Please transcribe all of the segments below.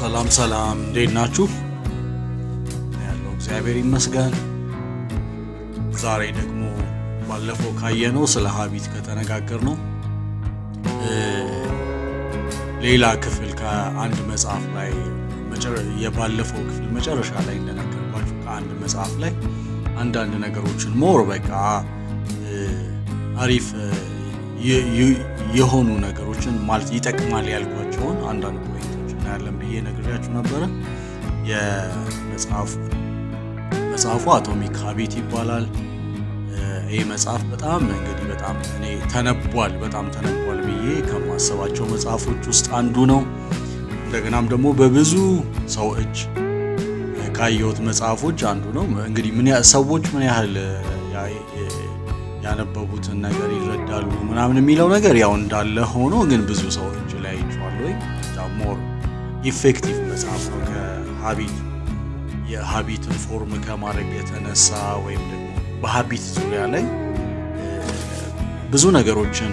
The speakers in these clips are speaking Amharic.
ሰላም ሰላም፣ እንዴት ናችሁ? ያለው እግዚአብሔር ይመስገን። ዛሬ ደግሞ ባለፈው ካየነው ስለ ሀቢት ከተነጋገር ነው ሌላ ክፍል ከአንድ መጽሐፍ ላይ የባለፈው ክፍል መጨረሻ ላይ እንደነገርኳችሁ ከአንድ መጽሐፍ ላይ አንዳንድ ነገሮችን ሞር በቃ አሪፍ የሆኑ ነገሮችን ማለት ይጠቅማል ያልኳቸውን አንዳንድ እናያለን ብዬ ነግሬያችሁ ነበረ። የመጽሐፍ መጽሐፉ አቶሚክ ሀቢት ይባላል። ይህ መጽሐፍ በጣም እንግዲህ በጣም እኔ ተነቧል በጣም ተነቧል ብዬ ከማሰባቸው መጽሐፎች ውስጥ አንዱ ነው። እንደገናም ደግሞ በብዙ ሰው እጅ ካየሁት መጽሐፎች አንዱ ነው። እንግዲህ ምን ሰዎች ምን ያህል ያነበቡትን ነገር ይረዳሉ ምናምን የሚለው ነገር ያው እንዳለ ሆኖ ግን ብዙ ሰው ኢፌክቲቭ መጽሐፍ ነው። ከሀቢት የሀቢትን ፎርም ከማድረግ የተነሳ ወይም ደግሞ በሀቢት ዙሪያ ላይ ብዙ ነገሮችን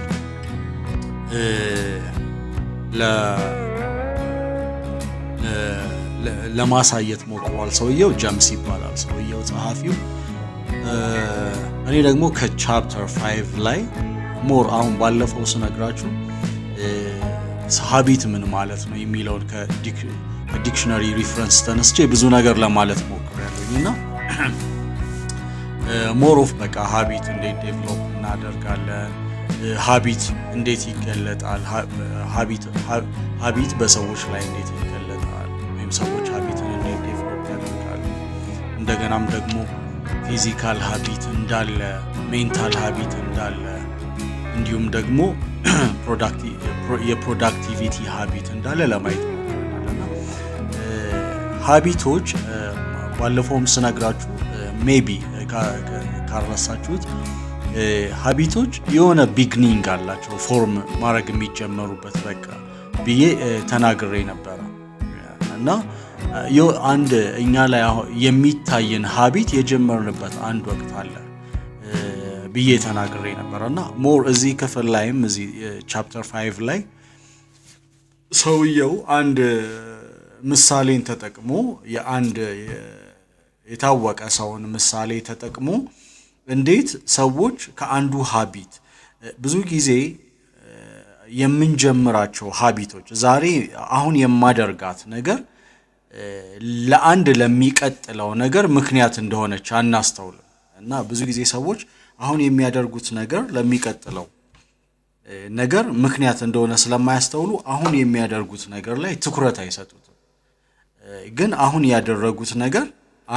ለማሳየት ሞክሯል። ሰውየው ጀምስ ይባላል ሰውየው ጸሐፊው። እኔ ደግሞ ከቻፕተር ፋይቭ ላይ ሞር አሁን ባለፈው ስነግራችሁ ሀቢት ምን ማለት ነው የሚለውን ከዲክሽነሪ ሪፍረንስ ተነስቼ ብዙ ነገር ለማለት ሞክሬያለሁኝ እና ሞር ኦፍ በቃ ሀቢት እንዴት ዴቨሎፕ እናደርጋለን ሀቢት እንዴት ይገለጣል? ሀቢት በሰዎች ላይ እንዴት ይገለጣል? ወይም ሰዎች ሀቢትን እንዴት ዴቨሎፕ ያደርጋሉ? እንደገናም ደግሞ ፊዚካል ሀቢት እንዳለ፣ ሜንታል ሀቢት እንዳለ እንዲሁም ደግሞ ፕሮዳክቲቭ የፕሮዳክቲቪቲ ሀቢት እንዳለ ለማየት ሀቢቶች ባለፈውም ስነግራችሁ ሜቢ ካረሳችሁት ሀቢቶች የሆነ ቢግኒንግ አላቸው ፎርም ማድረግ የሚጀመሩበት በቃ ብዬ ተናግሬ ነበረ እና አንድ እኛ ላይ የሚታየን ሀቢት የጀመርንበት አንድ ወቅት አለ ብዬ ተናግሬ ነበረ እና ሞር እዚህ ክፍል ላይም እዚህ ቻፕተር ፋይቭ ላይ ሰውየው አንድ ምሳሌን ተጠቅሞ የአንድ የታወቀ ሰውን ምሳሌ ተጠቅሞ እንዴት ሰዎች ከአንዱ ሀቢት ብዙ ጊዜ የምንጀምራቸው ሀቢቶች ዛሬ አሁን የማደርጋት ነገር ለአንድ ለሚቀጥለው ነገር ምክንያት እንደሆነች አናስተውልም። እና ብዙ ጊዜ ሰዎች አሁን የሚያደርጉት ነገር ለሚቀጥለው ነገር ምክንያት እንደሆነ ስለማያስተውሉ አሁን የሚያደርጉት ነገር ላይ ትኩረት አይሰጡትም። ግን አሁን ያደረጉት ነገር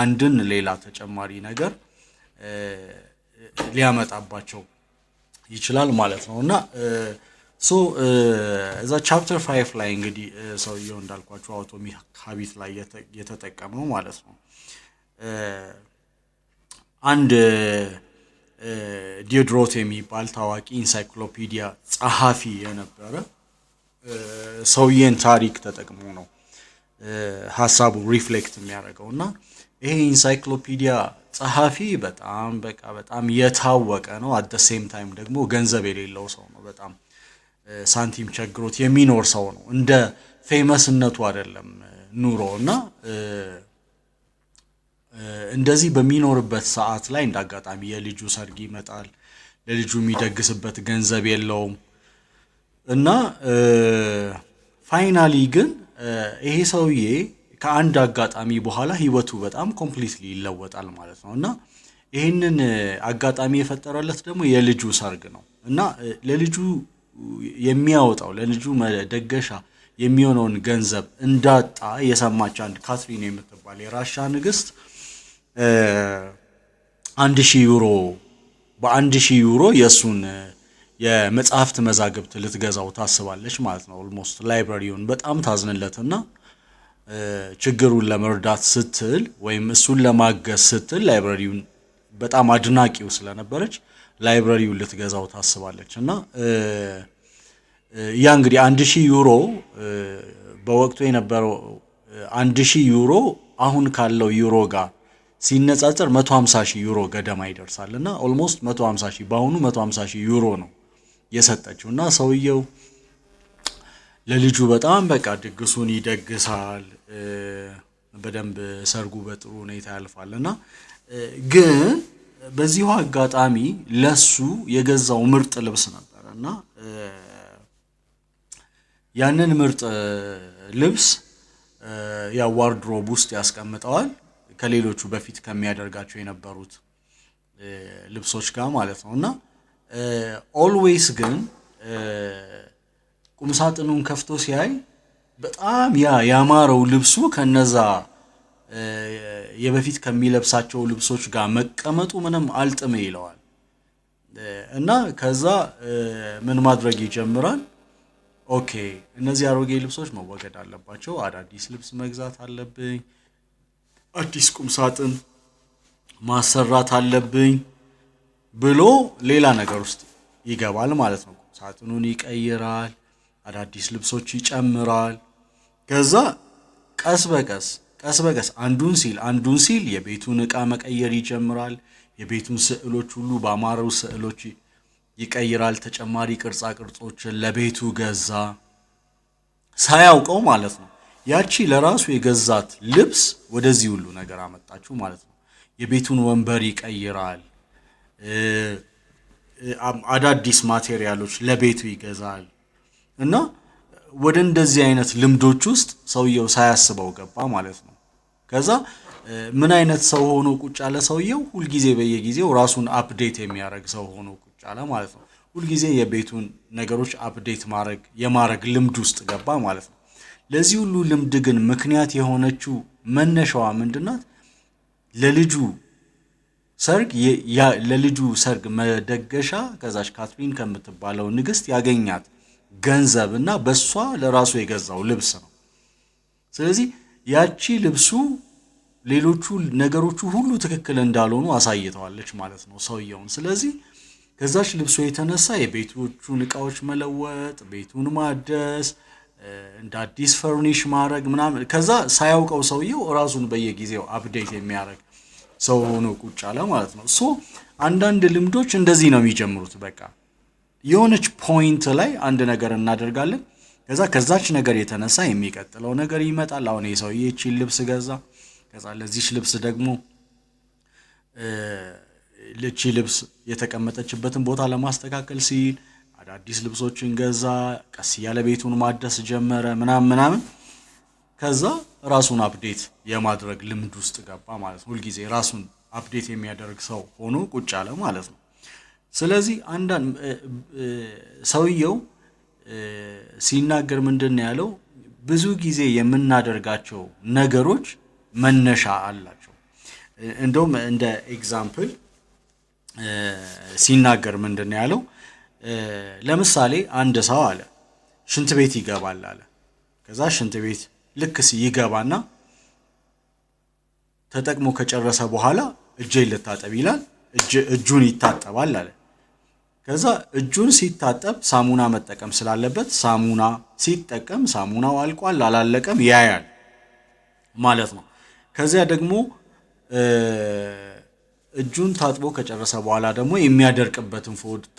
አንድን ሌላ ተጨማሪ ነገር ሊያመጣባቸው ይችላል ማለት ነው እና ሶ እዛ ቻፕተር ፋይቭ ላይ እንግዲህ ሰውየው እንዳልኳቸው አውቶሚ ሀቢት ላይ የተጠቀመው ማለት ነው። አንድ ዲዮድሮት የሚባል ታዋቂ ኢንሳይክሎፒዲያ ጸሐፊ የነበረ ሰውዬን ታሪክ ተጠቅሞ ነው ሀሳቡ ሪፍሌክት የሚያደርገው እና ይሄ ኢንሳይክሎፒዲያ ጸሐፊ በጣም በቃ በጣም የታወቀ ነው። አደ ሴም ታይም ደግሞ ገንዘብ የሌለው ሰው ነው። በጣም ሳንቲም ቸግሮት የሚኖር ሰው ነው። እንደ ፌመስነቱ አይደለም ኑሮ እና እንደዚህ በሚኖርበት ሰዓት ላይ እንዳጋጣሚ አጋጣሚ የልጁ ሰርግ ይመጣል። ለልጁ የሚደግስበት ገንዘብ የለውም እና ፋይናሊ ግን ይሄ ሰውዬ ከአንድ አጋጣሚ በኋላ ህይወቱ በጣም ኮምፕሊትሊ ይለወጣል ማለት ነው እና ይህንን አጋጣሚ የፈጠረለት ደግሞ የልጁ ሰርግ ነው እና ለልጁ የሚያወጣው ለልጁ መደገሻ የሚሆነውን ገንዘብ እንዳጣ የሰማች አንድ ካትሪን የምትባል የራሻ ንግስት አንድ ሺህ ዩሮ በአንድ ሺህ ዩሮ የእሱን የመጽሐፍት መዛግብት ልትገዛው ታስባለች ማለት ነው። ኦልሞስት ላይብራሪውን በጣም ታዝንለትና ችግሩን ለመርዳት ስትል ወይም እሱን ለማገዝ ስትል ላይብራሪውን በጣም አድናቂው ስለነበረች ላይብራሪውን ልትገዛው ታስባለች እና ያ እንግዲህ አንድ ሺህ ዩሮ በወቅቱ የነበረው አንድ ሺህ ዩሮ አሁን ካለው ዩሮ ጋር ሲነጻጸር 150 ሺህ ዩሮ ገደማ ይደርሳል እና ኦልሞስት 150 ሺህ በአሁኑ 150 ሺህ ዩሮ ነው የሰጠችው እና ሰውየው ለልጁ በጣም በቃ ድግሱን ይደግሳል። በደንብ ሰርጉ በጥሩ ሁኔታ ያልፋል እና ግን በዚሁ አጋጣሚ ለሱ የገዛው ምርጥ ልብስ ነበረ እና ያንን ምርጥ ልብስ ያ ዋርድሮብ ውስጥ ያስቀምጠዋል። ከሌሎቹ በፊት ከሚያደርጋቸው የነበሩት ልብሶች ጋር ማለት ነው እና ኦልዌይስ ግን ቁምሳጥኑን ከፍቶ ሲያይ በጣም ያ ያማረው ልብሱ ከነዛ የበፊት ከሚለብሳቸው ልብሶች ጋር መቀመጡ ምንም አልጥም ይለዋል እና ከዛ ምን ማድረግ ይጀምራል። ኦኬ እነዚህ አሮጌ ልብሶች መወገድ አለባቸው፣ አዳዲስ ልብስ መግዛት አለብኝ አዲስ ቁም ሳጥን ማሰራት አለብኝ ብሎ ሌላ ነገር ውስጥ ይገባል ማለት ነው። ቁም ሳጥኑን ይቀይራል፣ አዳዲስ ልብሶች ይጨምራል። ከዛ ቀስ በቀስ ቀስ በቀስ አንዱን ሲል አንዱን ሲል የቤቱን ዕቃ መቀየር ይጀምራል። የቤቱን ስዕሎች ሁሉ በአማረው ስዕሎች ይቀይራል። ተጨማሪ ቅርጻ ቅርጾችን ለቤቱ ገዛ ሳያውቀው ማለት ነው። ያቺ ለራሱ የገዛት ልብስ ወደዚህ ሁሉ ነገር አመጣችሁ ማለት ነው። የቤቱን ወንበር ይቀይራል፣ አዳዲስ ማቴሪያሎች ለቤቱ ይገዛል እና ወደ እንደዚህ አይነት ልምዶች ውስጥ ሰውየው ሳያስበው ገባ ማለት ነው። ከዛ ምን አይነት ሰው ሆኖ ቁጭ አለ ሰውየው? ሁልጊዜ በየጊዜው ራሱን አፕዴት የሚያደርግ ሰው ሆኖ ቁጭ አለ ማለት ነው። ሁልጊዜ የቤቱን ነገሮች አፕዴት ማድረግ የማድረግ ልምድ ውስጥ ገባ ማለት ነው። ለዚህ ሁሉ ልምድ ግን ምክንያት የሆነችው መነሻዋ ምንድናት? ለልጁ ሰርግ ለልጁ ሰርግ መደገሻ ከዛች ካትሪን ከምትባለው ንግስት ያገኛት ገንዘብ እና በእሷ ለራሱ የገዛው ልብስ ነው። ስለዚህ ያቺ ልብሱ ሌሎቹ ነገሮቹ ሁሉ ትክክል እንዳልሆኑ አሳይተዋለች ማለት ነው ሰውየውን። ስለዚህ ከዛች ልብሱ የተነሳ የቤቶቹን እቃዎች መለወጥ፣ ቤቱን ማደስ እንደ አዲስ ፈርኒሽ ማድረግ ምናምን ከዛ ሳያውቀው ሰውየው ራሱን በየጊዜው አፕዴት የሚያደርግ ሰው ሆኖ ቁጭ አለ ማለት ነው። ሶ አንዳንድ ልምዶች እንደዚህ ነው የሚጀምሩት። በቃ የሆነች ፖይንት ላይ አንድ ነገር እናደርጋለን። ከዛ ከዛች ነገር የተነሳ የሚቀጥለው ነገር ይመጣል። አሁን የሰውዬ ይህቺን ልብስ ገዛ፣ ከዛ ለዚች ልብስ ደግሞ ልቺ ልብስ የተቀመጠችበትን ቦታ ለማስተካከል ሲል አዳዲስ ልብሶችን ገዛ። ቀስ እያለ ቤቱን ማደስ ጀመረ ምናምን ምናምን። ከዛ ራሱን አፕዴት የማድረግ ልምድ ውስጥ ገባ ማለት ነው። ሁልጊዜ ራሱን አፕዴት የሚያደርግ ሰው ሆኖ ቁጭ አለ ማለት ነው። ስለዚህ አንዳንድ ሰውየው ሲናገር ምንድን ነው ያለው? ብዙ ጊዜ የምናደርጋቸው ነገሮች መነሻ አላቸው። እንደውም እንደ ኤግዛምፕል ሲናገር ምንድን ነው ያለው ለምሳሌ አንድ ሰው አለ ሽንት ቤት ይገባል አለ። ከዛ ሽንት ቤት ልክ ይገባና ተጠቅሞ ከጨረሰ በኋላ እጄን ልታጠብ ይላል። እጁን ይታጠባል አለ። ከዛ እጁን ሲታጠብ ሳሙና መጠቀም ስላለበት ሳሙና ሲጠቀም ሳሙናው አልቋል አላለቀም ያያል ማለት ነው። ከዚያ ደግሞ እጁን ታጥቦ ከጨረሰ በኋላ ደግሞ የሚያደርቅበትን ፎጣ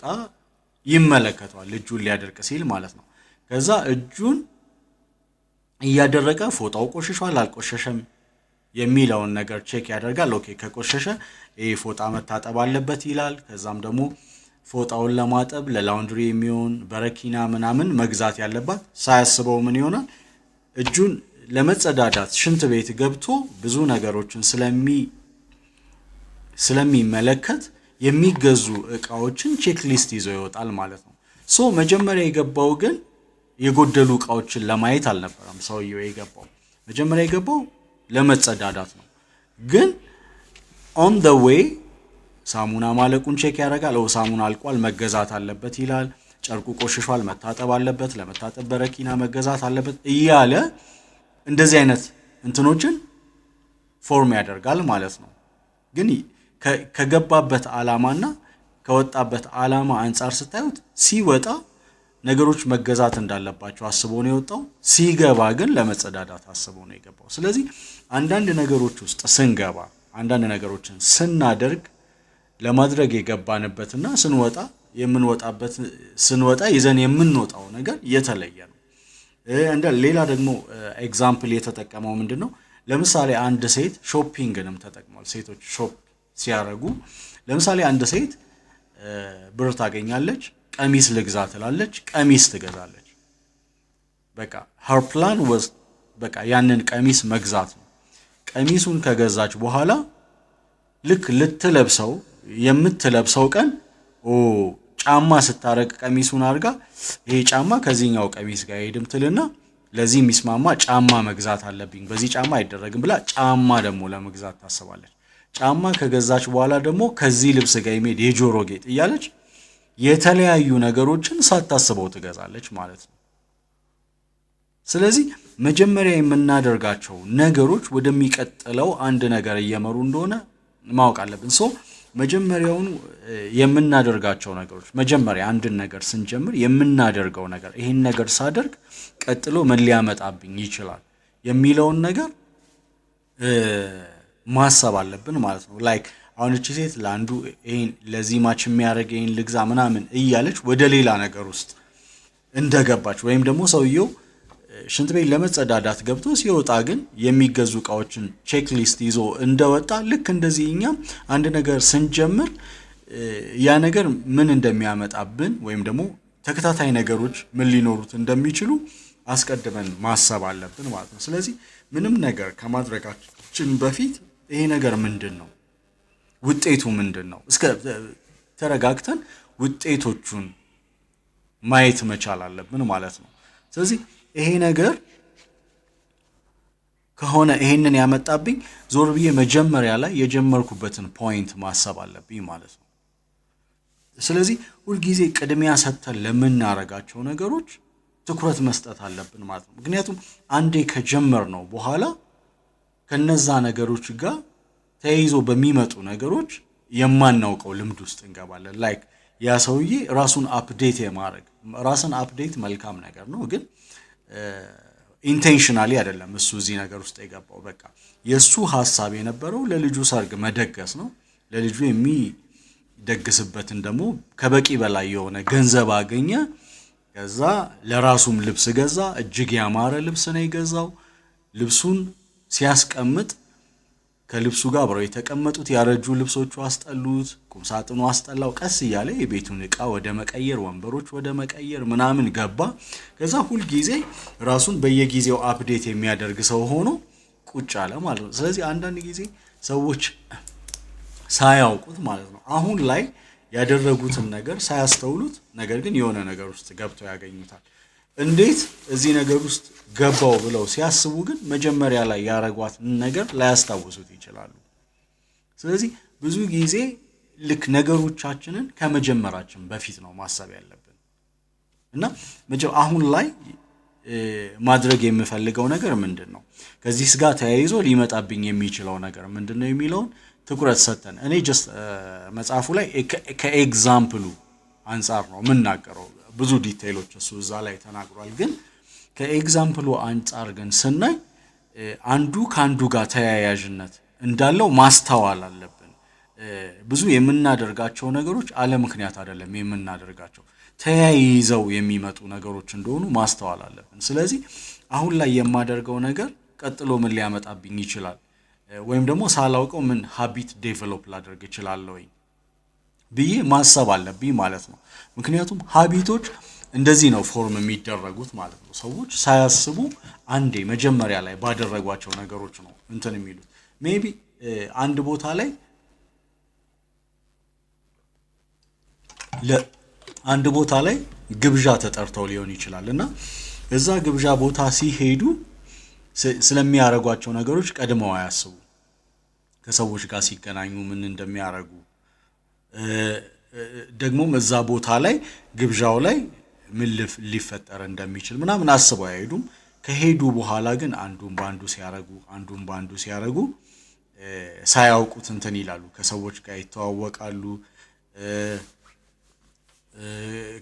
ይመለከተዋል። እጁን ሊያደርቅ ሲል ማለት ነው። ከዛ እጁን እያደረገ ፎጣው ቆሽሿል አልቆሸሸም የሚለውን ነገር ቼክ ያደርጋል። ኦኬ ከቆሸሸ ይህ ፎጣ መታጠብ አለበት ይላል። ከዛም ደግሞ ፎጣውን ለማጠብ ለላውንድሪ የሚሆን በረኪና ምናምን መግዛት ያለባት ሳያስበው ምን ይሆናል እጁን ለመጸዳዳት ሽንት ቤት ገብቶ ብዙ ነገሮችን ስለሚ ስለሚመለከት የሚገዙ እቃዎችን ቼክሊስት ይዞ ይወጣል ማለት ነው። ሶ መጀመሪያ የገባው ግን የጎደሉ እቃዎችን ለማየት አልነበረም ሰውየው የገባው። መጀመሪያ የገባው ለመጸዳዳት ነው። ግን ኦን ደ ዌይ ሳሙና ማለቁን ቼክ ያደርጋል። ሳሙና አልቋል፣ መገዛት አለበት ይላል። ጨርቁ ቆሽሿል፣ መታጠብ አለበት፣ ለመታጠብ በረኪና መገዛት አለበት እያለ እንደዚህ አይነት እንትኖችን ፎርም ያደርጋል ማለት ነው ግን ከገባበት ዓላማና ከወጣበት ዓላማ አንጻር ስታዩት ሲወጣ ነገሮች መገዛት እንዳለባቸው አስቦ ነው የወጣው። ሲገባ ግን ለመጸዳዳት አስቦ ነው የገባው። ስለዚህ አንዳንድ ነገሮች ውስጥ ስንገባ፣ አንዳንድ ነገሮችን ስናደርግ ለማድረግ የገባንበትና ስንወጣ የምንወጣበት ስንወጣ ይዘን የምንወጣው ነገር የተለየ ነው። እንደ ሌላ ደግሞ ኤግዛምፕል የተጠቀመው ምንድን ነው? ለምሳሌ አንድ ሴት ሾፒንግንም ተጠቅሟል። ሴቶች ሾፕ ሲያደርጉ ለምሳሌ አንድ ሴት ብር ታገኛለች፣ ቀሚስ ልግዛ ትላለች፣ ቀሚስ ትገዛለች። በቃ ሀር ፕላን ወዝ በቃ ያንን ቀሚስ መግዛት ነው። ቀሚሱን ከገዛች በኋላ ልክ ልትለብሰው የምትለብሰው ቀን ጫማ ስታረግ ቀሚሱን አድርጋ ይሄ ጫማ ከዚህኛው ቀሚስ ጋር ሄድም ትልና ለዚህ የሚስማማ ጫማ መግዛት አለብኝ፣ በዚህ ጫማ አይደረግም ብላ ጫማ ደግሞ ለመግዛት ታስባለች። ጫማ ከገዛች በኋላ ደግሞ ከዚህ ልብስ ጋር የሚሄድ የጆሮ ጌጥ እያለች የተለያዩ ነገሮችን ሳታስበው ትገዛለች ማለት ነው። ስለዚህ መጀመሪያ የምናደርጋቸው ነገሮች ወደሚቀጥለው አንድ ነገር እየመሩ እንደሆነ ማወቅ አለብን። ሰው መጀመሪያውን የምናደርጋቸው ነገሮች መጀመሪያ አንድን ነገር ስንጀምር የምናደርገው ነገር ይህን ነገር ሳደርግ ቀጥሎ ምን ሊያመጣብኝ ይችላል የሚለውን ነገር ማሰብ አለብን ማለት ነው። ላይክ አሁን እቺ ሴት ለአንዱ ይሄን ለዚህ ማች የሚያደርግ ይሄን ልግዛ ምናምን እያለች ወደ ሌላ ነገር ውስጥ እንደገባች ወይም ደግሞ ሰውየው ሽንት ቤት ለመጸዳዳት ገብቶ ሲወጣ ግን የሚገዙ እቃዎችን ቼክሊስት ይዞ እንደወጣ ልክ እንደዚህ እኛም አንድ ነገር ስንጀምር ያ ነገር ምን እንደሚያመጣብን ወይም ደግሞ ተከታታይ ነገሮች ምን ሊኖሩት እንደሚችሉ አስቀድመን ማሰብ አለብን ማለት ነው። ስለዚህ ምንም ነገር ከማድረጋችን በፊት ይሄ ነገር ምንድን ነው? ውጤቱ ምንድን ነው? እስከ ተረጋግተን ውጤቶቹን ማየት መቻል አለብን ማለት ነው። ስለዚህ ይሄ ነገር ከሆነ ይሄንን ያመጣብኝ ዞር ብዬ መጀመሪያ ላይ የጀመርኩበትን ፖይንት ማሰብ አለብኝ ማለት ነው። ስለዚህ ሁልጊዜ ቅድሚያ ሰጥተን ለምናረጋቸው ነገሮች ትኩረት መስጠት አለብን ማለት ነው። ምክንያቱም አንዴ ከጀመር ነው በኋላ ከነዛ ነገሮች ጋር ተያይዞ በሚመጡ ነገሮች የማናውቀው ልምድ ውስጥ እንገባለን። ላይክ ያ ሰውዬ ራሱን አፕዴት የማድረግ ራስን አፕዴት መልካም ነገር ነው፣ ግን ኢንቴንሽናሊ አይደለም እሱ እዚህ ነገር ውስጥ የገባው። በቃ የእሱ ሀሳብ የነበረው ለልጁ ሰርግ መደገስ ነው። ለልጁ የሚደግስበትን ደግሞ ከበቂ በላይ የሆነ ገንዘብ አገኘ። ከዛ ለራሱም ልብስ ገዛ። እጅግ ያማረ ልብስ ነው የገዛው ልብሱን ሲያስቀምጥ ከልብሱ ጋር አብረው የተቀመጡት ያረጁ ልብሶቹ አስጠሉት፣ ቁምሳጥኑ አስጠላው። ቀስ እያለ የቤቱን ዕቃ ወደ መቀየር፣ ወንበሮች ወደ መቀየር ምናምን ገባ። ከዛ ሁልጊዜ ራሱን በየጊዜው አፕዴት የሚያደርግ ሰው ሆኖ ቁጭ አለ ማለት ነው። ስለዚህ አንዳንድ ጊዜ ሰዎች ሳያውቁት ማለት ነው አሁን ላይ ያደረጉትን ነገር ሳያስተውሉት፣ ነገር ግን የሆነ ነገር ውስጥ ገብተው ያገኙታል። እንዴት እዚህ ነገር ውስጥ ገባው ብለው ሲያስቡ ግን መጀመሪያ ላይ ያረጓት ነገር ላያስታውሱት ይችላሉ። ስለዚህ ብዙ ጊዜ ልክ ነገሮቻችንን ከመጀመራችን በፊት ነው ማሰብ ያለብን እና አሁን ላይ ማድረግ የምፈልገው ነገር ምንድን ነው፣ ከዚህ ጋር ተያይዞ ሊመጣብኝ የሚችለው ነገር ምንድን ነው የሚለውን ትኩረት ሰጥተን እኔ ጀስት መጽሐፉ ላይ ከኤግዛምፕሉ አንጻር ነው የምናገረው ብዙ ዲቴይሎች እሱ እዛ ላይ ተናግሯል። ግን ከኤግዛምፕሉ አንጻር ግን ስናይ አንዱ ከአንዱ ጋር ተያያዥነት እንዳለው ማስተዋል አለብን። ብዙ የምናደርጋቸው ነገሮች አለ ምክንያት አይደለም የምናደርጋቸው ተያይዘው የሚመጡ ነገሮች እንደሆኑ ማስተዋል አለብን። ስለዚህ አሁን ላይ የማደርገው ነገር ቀጥሎ ምን ሊያመጣብኝ ይችላል፣ ወይም ደግሞ ሳላውቀው ምን ሀቢት ዴቨሎፕ ላደርግ እችላለሁ ብዬ ማሰብ አለብኝ ማለት ነው። ምክንያቱም ሀቢቶች እንደዚህ ነው ፎርም የሚደረጉት ማለት ነው። ሰዎች ሳያስቡ አንዴ መጀመሪያ ላይ ባደረጓቸው ነገሮች ነው እንትን የሚሉት ሜቢ አንድ ቦታ ላይ አንድ ቦታ ላይ ግብዣ ተጠርተው ሊሆን ይችላል እና እዛ ግብዣ ቦታ ሲሄዱ ስለሚያደርጓቸው ነገሮች ቀድመው አያስቡ ከሰዎች ጋር ሲገናኙ ምን እንደሚያደርጉ ደግሞም እዛ ቦታ ላይ ግብዣው ላይ ምን ሊፈጠር እንደሚችል ምናምን አስበው አይሄዱም። ከሄዱ በኋላ ግን አንዱን በአንዱ ሲያረጉ አንዱን በአንዱ ሲያረጉ ሳያውቁት እንትን ይላሉ። ከሰዎች ጋር ይተዋወቃሉ።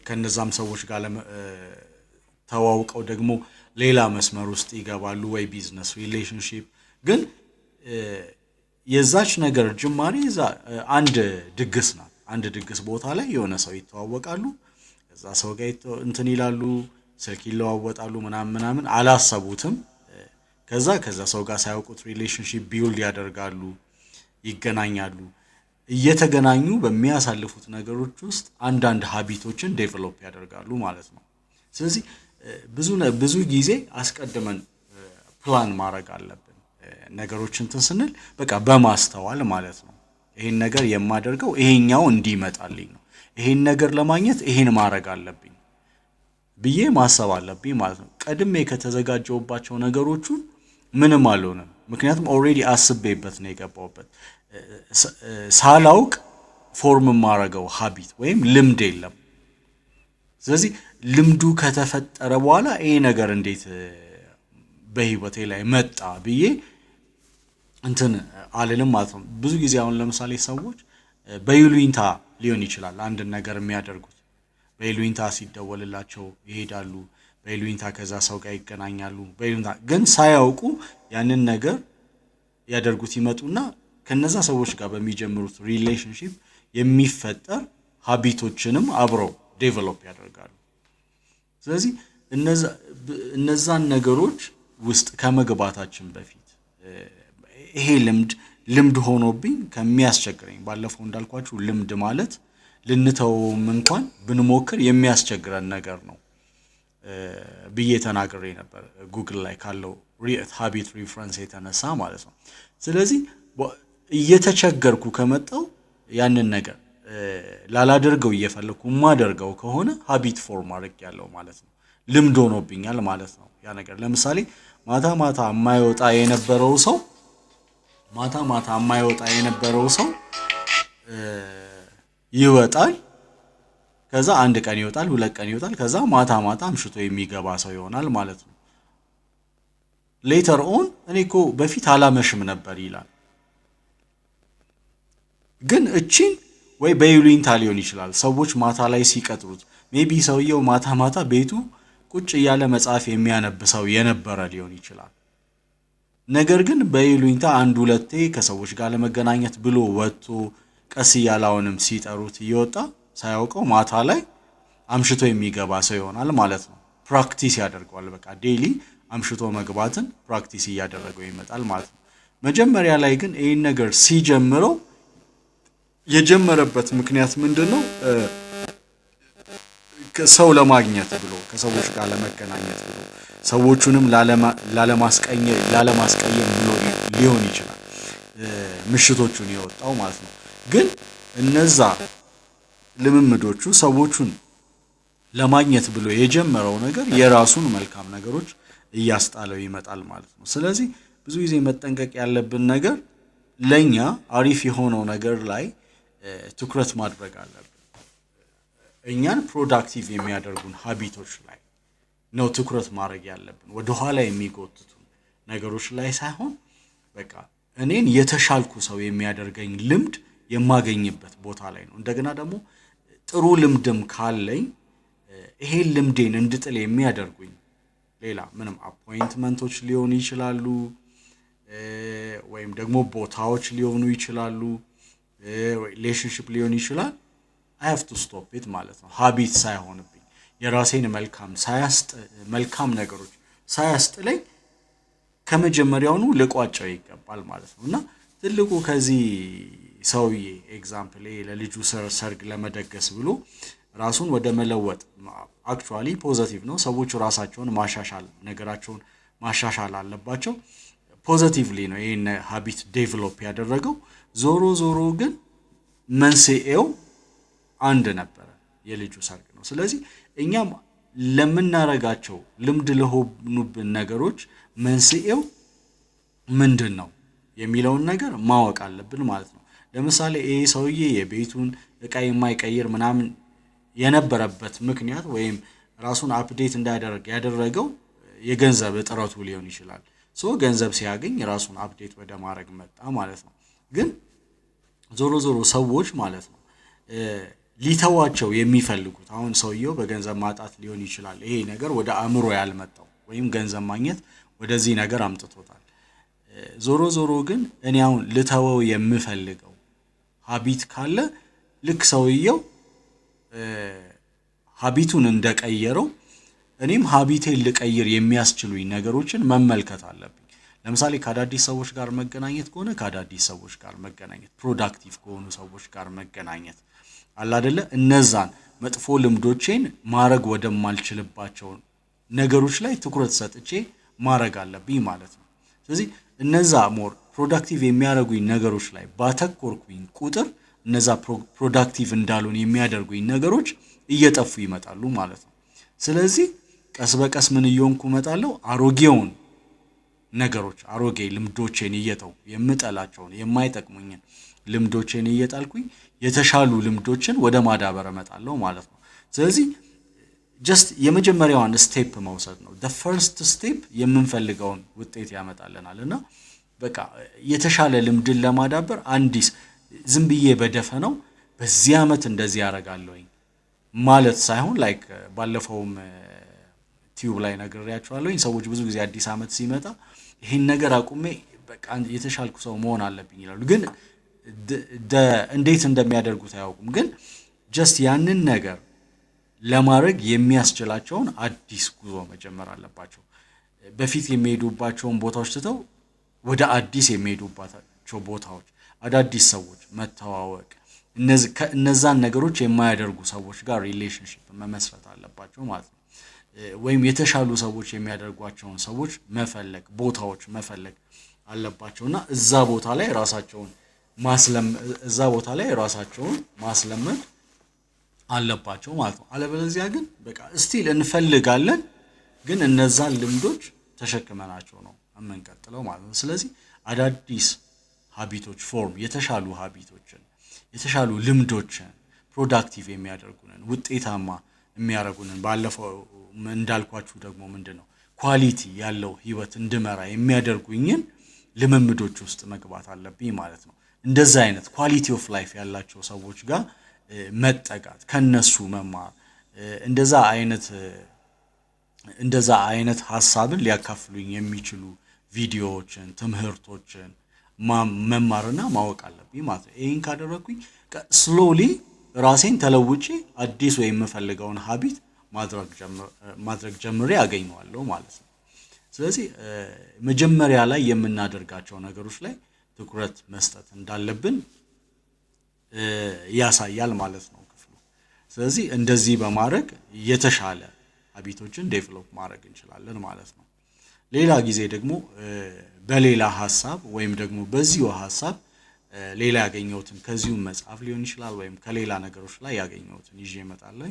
ከነዛም ሰዎች ጋር ተዋውቀው ደግሞ ሌላ መስመር ውስጥ ይገባሉ ወይ ቢዝነስ ሪሌሽንሽፕ ግን የዛች ነገር ጅማሬ አንድ ድግስ ናት። አንድ ድግስ ቦታ ላይ የሆነ ሰው ይተዋወቃሉ። ከዛ ሰው ጋር እንትን ይላሉ፣ ስልክ ይለዋወጣሉ፣ ምናምን ምናምን አላሰቡትም። ከዛ ከዛ ሰው ጋር ሳያውቁት ሪሌሽንሽፕ ቢውልድ ያደርጋሉ፣ ይገናኛሉ። እየተገናኙ በሚያሳልፉት ነገሮች ውስጥ አንዳንድ ሀቢቶችን ዴቨሎፕ ያደርጋሉ ማለት ነው። ስለዚህ ብዙ ጊዜ አስቀድመን ፕላን ማድረግ አለብን። ነገሮች እንትን ስንል በቃ በማስተዋል ማለት ነው። ይሄን ነገር የማደርገው ይሄኛው እንዲመጣልኝ ነው፣ ይሄን ነገር ለማግኘት ይሄን ማድረግ አለብኝ ብዬ ማሰብ አለብኝ ማለት ነው። ቀድሜ ከተዘጋጀውባቸው ነገሮቹ ምንም አልሆንም፣ ምክንያቱም ኦልሬዲ አስቤበት ነው የገባውበት። ሳላውቅ ፎርም የማረገው ሀቢት ወይም ልምድ የለም። ስለዚህ ልምዱ ከተፈጠረ በኋላ ይሄ ነገር እንዴት በህይወቴ ላይ መጣ ብዬ እንትን አልልም ማለት ነው። ብዙ ጊዜ አሁን ለምሳሌ ሰዎች በይሉኝታ ሊሆን ይችላል አንድን ነገር የሚያደርጉት በይሉኝታ ሲደወልላቸው ይሄዳሉ። በይሉኝታ ከዛ ሰው ጋር ይገናኛሉ። በይሉኝታ ግን ሳያውቁ ያንን ነገር ያደርጉት ይመጡና ከነዛ ሰዎች ጋር በሚጀምሩት ሪሌሽንሽፕ የሚፈጠር ሀቢቶችንም አብረው ዴቨሎፕ ያደርጋሉ። ስለዚህ እነዛን ነገሮች ውስጥ ከመግባታችን በፊት ይሄ ልምድ ልምድ ሆኖብኝ ከሚያስቸግረኝ ባለፈው እንዳልኳችሁ ልምድ ማለት ልንተውም እንኳን ብንሞክር የሚያስቸግረን ነገር ነው ብዬ ተናግሬ ነበር። ጉግል ላይ ካለው ሀቢት ሪፍረንስ የተነሳ ማለት ነው። ስለዚህ እየተቸገርኩ ከመጣው ያንን ነገር ላላደርገው እየፈለግኩ የማደርገው ከሆነ ሀቢት ማድረግ ያለው ማለት ነው። ልምድ ሆኖብኛል ማለት ነው ያ ነገር። ለምሳሌ ማታ ማታ የማይወጣ የነበረው ሰው ማታ ማታ የማይወጣ የነበረው ሰው ይወጣል። ከዛ አንድ ቀን ይወጣል፣ ሁለት ቀን ይወጣል። ከዛ ማታ ማታ አምሽቶ የሚገባ ሰው ይሆናል ማለት ነው። ሌተር ኦን እኔ እኮ በፊት አላመሽም ነበር ይላል። ግን እቺን ወይ በይሉኝታ ሊሆን ይችላል ሰዎች ማታ ላይ ሲቀጥሩት፣ ሜቢ ሰውየው ማታ ማታ ቤቱ ቁጭ እያለ መጽሐፍ የሚያነብ ሰው የነበረ ሊሆን ይችላል። ነገር ግን በይሉኝታ አንድ ሁለቴ ከሰዎች ጋር ለመገናኘት ብሎ ወጥቶ ቀስ እያለ አሁንም ሲጠሩት እየወጣ ሳያውቀው ማታ ላይ አምሽቶ የሚገባ ሰው ይሆናል ማለት ነው። ፕራክቲስ ያደርገዋል። በቃ ዴይሊ አምሽቶ መግባትን ፕራክቲስ እያደረገው ይመጣል ማለት ነው። መጀመሪያ ላይ ግን ይህን ነገር ሲጀምረው የጀመረበት ምክንያት ምንድን ነው? ሰው ለማግኘት ብሎ ከሰዎች ጋር ለመገናኘት ብሎ ሰዎቹንም ላለማስቀየም ብሎ ሊሆን ይችላል ምሽቶቹን የወጣው ማለት ነው። ግን እነዛ ልምምዶቹ ሰዎቹን ለማግኘት ብሎ የጀመረው ነገር የራሱን መልካም ነገሮች እያስጣለው ይመጣል ማለት ነው። ስለዚህ ብዙ ጊዜ መጠንቀቅ ያለብን ነገር ለእኛ አሪፍ የሆነው ነገር ላይ ትኩረት ማድረግ አለብን። እኛን ፕሮዳክቲቭ የሚያደርጉን ሀቢቶች ላይ ነው ትኩረት ማድረግ ያለብን ወደኋላ የሚጎትቱ ነገሮች ላይ ሳይሆን በቃ እኔን የተሻልኩ ሰው የሚያደርገኝ ልምድ የማገኝበት ቦታ ላይ ነው። እንደገና ደግሞ ጥሩ ልምድም ካለኝ ይሄን ልምዴን እንድጥል የሚያደርጉኝ ሌላ ምንም አፖይንትመንቶች ሊሆኑ ይችላሉ፣ ወይም ደግሞ ቦታዎች ሊሆኑ ይችላሉ፣ ሪሌሽንሽፕ ሊሆን ይችላል። አይ ሃቭ ቱ ስቶፕ ኢት ማለት ነው ሀቢት ሳይሆን የራሴን መልካም ሳያስጥ መልካም ነገሮች ላይ ከመጀመሪያውኑ ልቋጨው ይገባል ማለት ነው እና ትልቁ ከዚህ ሰውዬ ኤግዛምፕል ለልጁ ሰርግ ለመደገስ ብሎ ራሱን ወደ መለወጥ አክቹዋሊ ፖዘቲቭ ነው። ሰዎቹ ራሳቸውን ማሻሻል ነገራቸውን ማሻሻል አለባቸው። ፖዘቲቭሊ ነው ይህን ሀቢት ዴቨሎፕ ያደረገው። ዞሮ ዞሮ ግን መንስኤው አንድ ነበረ፣ የልጁ ሰርግ ነው። ስለዚህ እኛም ለምናረጋቸው ልምድ ለሆኑብን ነገሮች መንስኤው ምንድን ነው የሚለውን ነገር ማወቅ አለብን ማለት ነው። ለምሳሌ ይህ ሰውዬ የቤቱን እቃ የማይቀይር ምናምን የነበረበት ምክንያት ወይም ራሱን አፕዴት እንዳያደርግ ያደረገው የገንዘብ እጥረቱ ሊሆን ይችላል። ሶ ገንዘብ ሲያገኝ ራሱን አፕዴት ወደ ማድረግ መጣ ማለት ነው። ግን ዞሮ ዞሮ ሰዎች ማለት ነው ሊተዋቸው የሚፈልጉት አሁን ሰውየው በገንዘብ ማጣት ሊሆን ይችላል። ይሄ ነገር ወደ አእምሮ ያልመጣው ወይም ገንዘብ ማግኘት ወደዚህ ነገር አምጥቶታል። ዞሮ ዞሮ ግን እኔ አሁን ልተወው የምፈልገው ሀቢት ካለ ልክ ሰውየው ሀቢቱን እንደቀየረው እኔም ሀቢቴን ልቀይር የሚያስችሉኝ ነገሮችን መመልከት አለብኝ። ለምሳሌ ከአዳዲስ ሰዎች ጋር መገናኘት ከሆነ ከአዳዲስ ሰዎች ጋር መገናኘት፣ ፕሮዳክቲቭ ከሆኑ ሰዎች ጋር መገናኘት አለ አይደለ? እነዛን መጥፎ ልምዶቼን ማድረግ ወደማልችልባቸው ነገሮች ላይ ትኩረት ሰጥቼ ማድረግ አለብኝ ማለት ነው። ስለዚህ እነዛ ሞር ፕሮዳክቲቭ የሚያደርጉኝ ነገሮች ላይ ባተኮርኩኝ ቁጥር እነዛ ፕሮዳክቲቭ እንዳልሆን የሚያደርጉኝ ነገሮች እየጠፉ ይመጣሉ ማለት ነው። ስለዚህ ቀስ በቀስ ምን እየሆንኩ እመጣለሁ አሮጌውን ነገሮች አሮጌ ልምዶቼን እየተው የምጠላቸውን የማይጠቅሙኝን ልምዶቼን እየጣልኩኝ የተሻሉ ልምዶችን ወደ ማዳበር እመጣለሁ ማለት ነው። ስለዚህ ጀስት የመጀመሪያዋን ስቴፕ መውሰድ ነው። ደ ፈርስት ስቴፕ የምንፈልገውን ውጤት ያመጣልናል እና በቃ የተሻለ ልምድን ለማዳበር አንዲስ ዝም ብዬ በደፈነው በዚህ ዓመት እንደዚህ ያደርጋለሁኝ ማለት ሳይሆን ላይክ ባለፈውም ቲዩብ ላይ ነግሬያቸዋለሁኝ ሰዎች ብዙ ጊዜ አዲስ ዓመት ሲመጣ ይህን ነገር አቁሜ በቃ የተሻልኩ ሰው መሆን አለብኝ ይላሉ። ግን እንዴት እንደሚያደርጉት አያውቁም። ግን ጀስት ያንን ነገር ለማድረግ የሚያስችላቸውን አዲስ ጉዞ መጀመር አለባቸው። በፊት የሚሄዱባቸውን ቦታዎች ትተው ወደ አዲስ የሚሄዱባቸው ቦታዎች፣ አዳዲስ ሰዎች መተዋወቅ፣ እነዛን ነገሮች የማያደርጉ ሰዎች ጋር ሪሌሽንሽፕ መመስረት አለባቸው ማለት ነው። ወይም የተሻሉ ሰዎች የሚያደርጓቸውን ሰዎች መፈለግ ቦታዎች መፈለግ አለባቸው እና እዛ ቦታ ላይ ራሳቸውን እዛ ቦታ ላይ ራሳቸውን ማስለመድ አለባቸው ማለት ነው። አለበለዚያ ግን በቃ እስቲል እንፈልጋለን፣ ግን እነዛን ልምዶች ተሸክመናቸው ነው የምንቀጥለው ማለት ነው። ስለዚህ አዳዲስ ሀቢቶች ፎርም የተሻሉ ሀቢቶችን የተሻሉ ልምዶችን ፕሮዳክቲቭ የሚያደርጉንን ውጤታማ የሚያደርጉንን ባለፈው እንዳልኳችሁ ደግሞ ምንድን ነው ኳሊቲ ያለው ህይወት እንድመራ የሚያደርጉኝን ልምምዶች ውስጥ መግባት አለብኝ ማለት ነው። እንደዛ አይነት ኳሊቲ ኦፍ ላይፍ ያላቸው ሰዎች ጋር መጠጋት፣ ከነሱ መማር እንደዛ አይነት እንደዛ አይነት ሀሳብን ሊያካፍሉኝ የሚችሉ ቪዲዮዎችን፣ ትምህርቶችን መማርና ማወቅ አለብኝ ማለት ነው። ይህን ካደረግኩኝ ስሎሊ ራሴን ተለውጬ አዲስ ወይ የምፈልገውን ሀቢት ማድረግ ጀምሬ ያገኘዋለሁ ማለት ነው። ስለዚህ መጀመሪያ ላይ የምናደርጋቸው ነገሮች ላይ ትኩረት መስጠት እንዳለብን ያሳያል ማለት ነው ክፍሉ። ስለዚህ እንደዚህ በማድረግ የተሻለ ሀቢቶችን ዴቨሎፕ ማድረግ እንችላለን ማለት ነው። ሌላ ጊዜ ደግሞ በሌላ ሀሳብ ወይም ደግሞ በዚሁ ሀሳብ ሌላ ያገኘሁትን ከዚሁ መጽሐፍ ሊሆን ይችላል ወይም ከሌላ ነገሮች ላይ ያገኘሁትን ይዤ እመጣለሁ።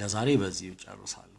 ለዛሬ በዚህ ጨርሳለሁ።